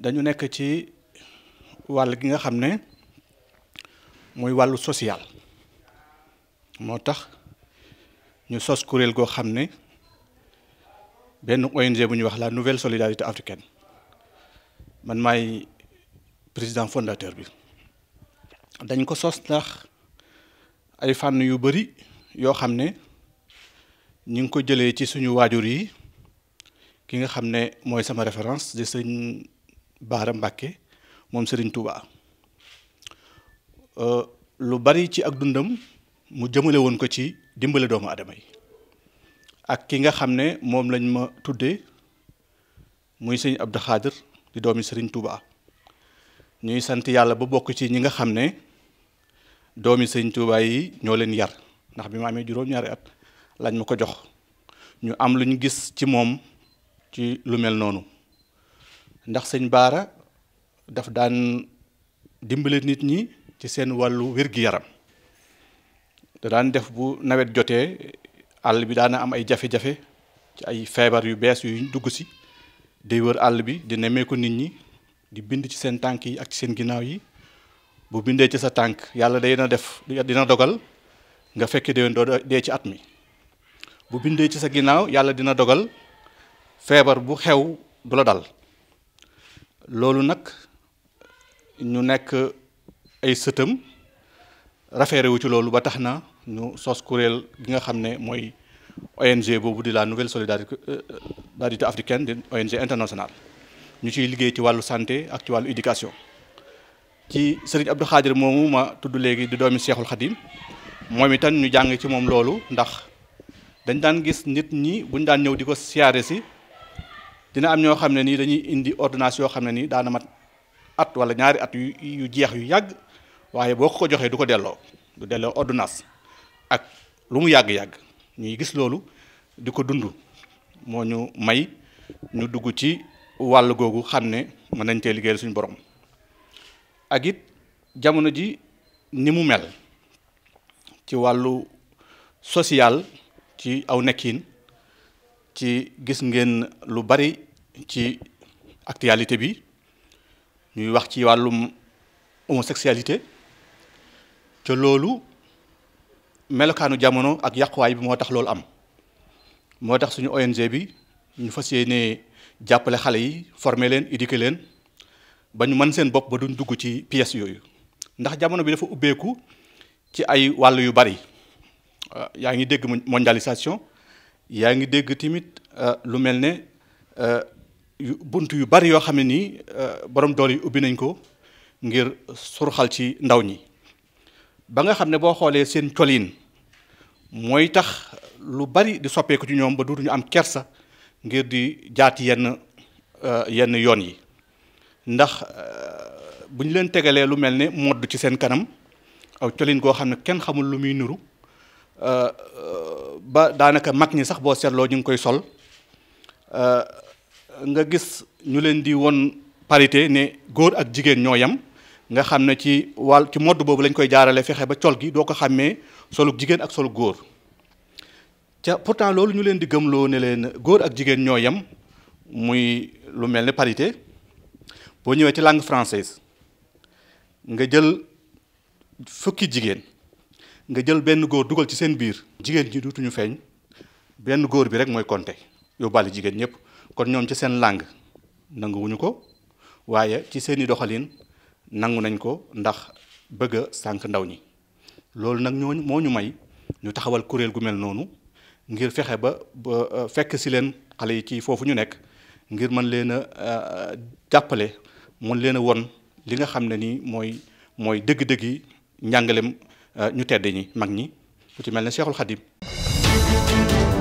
dañu nekk ci wàll gi nga xam ne mooy wàllu social moo tax ñu sos kuréel goo xam ne benn ONG bu ñuy wax la nouvelle solidarité africaine man maay président fondateur bi dañ ko sos ndax ay fànn yu bari yoo xam ne ñu ngi ko jëlee ci suñu waajur yi ki nga xam ne mooy sama référence di sëñ Baara Mbàkke moom Serigne Touba euh, lu bari ci ak dundam mu jëmale woon ko ci dimbale doomu aadama yi ak ki nga xam ne moom lañ ma tuddee muy sëñ Abdou Khadir di doomi sëriñ Touba ñuy sant yàlla ba bokk ci ñi nga xam ne doomi Serigne Touba yi ñoo leen yar ndax bi ma amee juróom-ñaari at lañ ma ko jox ñu am lu ñu gis ci moom ci lu mel noonu. ndax sëñ baara daf daan dimbale nit ñi ci seen wàllu wér-gi-yaram da daan def bu nawet jotee àll bi daana am ay jafe-jafe ci ay feebar yu bees yu dugg si day wër àll bi di nemmeeku nit ñi di bind ci seen tànk yi ak seen ginnaaw yi bu bindee ci sa tànk yàlla day na def dina dogal nga fekk déwén doo dee ci at mi bu bindee ci sa ginnaaw yàlla dina dogal feebar bu xew du la dal loolu nag ñu nekk ay sëtam rafeere wu ci loolu ba tax na ñu sos kuréel gi nga xam ne mooy ONG boobu di la nouvelle solidarité euh, africaine di ONG international ñu ciy liggéey ci wàllu santé ak ci wàllu éducation ci sëriñ Abdou Khadir moomu ma tudd léegi di doomi Seexul Xadim moom itam ñu jàng ci moom loolu ndax dañ daan gis nit ñi buñ daan ñëw di ko siyaare si dina am ño xam ni dañuy indi ordonnance yo xam ni daana mat at wala ñaari at yu yu jeex yu yag waye boko ko joxe duko delo du delo ordonnance ak lu mu yag yag ñuy gis lolu diko dundu moñu may ñu dugg ci walu gogu xam man nañ tee liggéeyal suñu borom ak it jamono ji ni mu mel ci walu social ci aw nekkine ci gis ngeen lu bari ci actualité bi ñuy wax ci walum homosexualité ci lolu melokanu jamono ak yàquwaay bi motax lolu am motax suñu ong bi ñu fassiyene jappalé xalé yi formé len éduquer len bañu man seen bop ba duñ dugg ci pièce yoyu ndax jamono bi dafa ubbeeku ci ay walu yu bari yaangi dégg mondialisation yaa ngi dégg tamit euh, lu mel ne euh, bunt yu bari yoo xam ne nii euh, borom dool yi ubbi nañ ko ngir surxal ci ndaw ñi ba nga xam ne boo xoolee seen colin mooy tax lu bari di soppeeku ci ñoom ba dootuñu am kersa ngir di jaat yenn yenn yoon yi ndax bu ñu leen tegalee lu mel ne modd ci seen kanam aw colin goo xam ne kenn xamul lu muy nuru Euh, euh, ba daanaka mag ñi sax boo seetloo ñu ngi koy sol euh, nga gis ñu leen di won parité ne góor ak jigéen ñoo yem nga xam ne ci wàll ci modd boobu lañ koy jaarale fexe ba col gi doo ko xàmmee solug jigéen ak solu góor ca pourtant loolu ñu leen di gëmloo ne leen góor ak jigéen ñoo yem muy lu mel ni parité boo ñëwee ci langue française nga jël fukki jigéen nga jël benn góor dugal ci seen biir jigéen ji duutuñu feeñ benn góor bi rek mooy compter yóbbaale jigéen ñëpp kon ñoom ci seen langue nanguwuñu ko waaye ci seeni doxalin nangu nañ ko ndax bëgg a sànq ndaw ñi loolu nag ñooñu moo ñu may ñu taxawal kuréel gu mel noonu ngir fexe ba ba euh, fekk si leen xale yi ci foofu ñu nekk ngir mën leen a euh, jàppale mën leen a won li nga xam ne nii mooy mooy dëgg-dëgg yi ñu tedd ñi mag ñi ku ci mel ni Cheikhul Khadim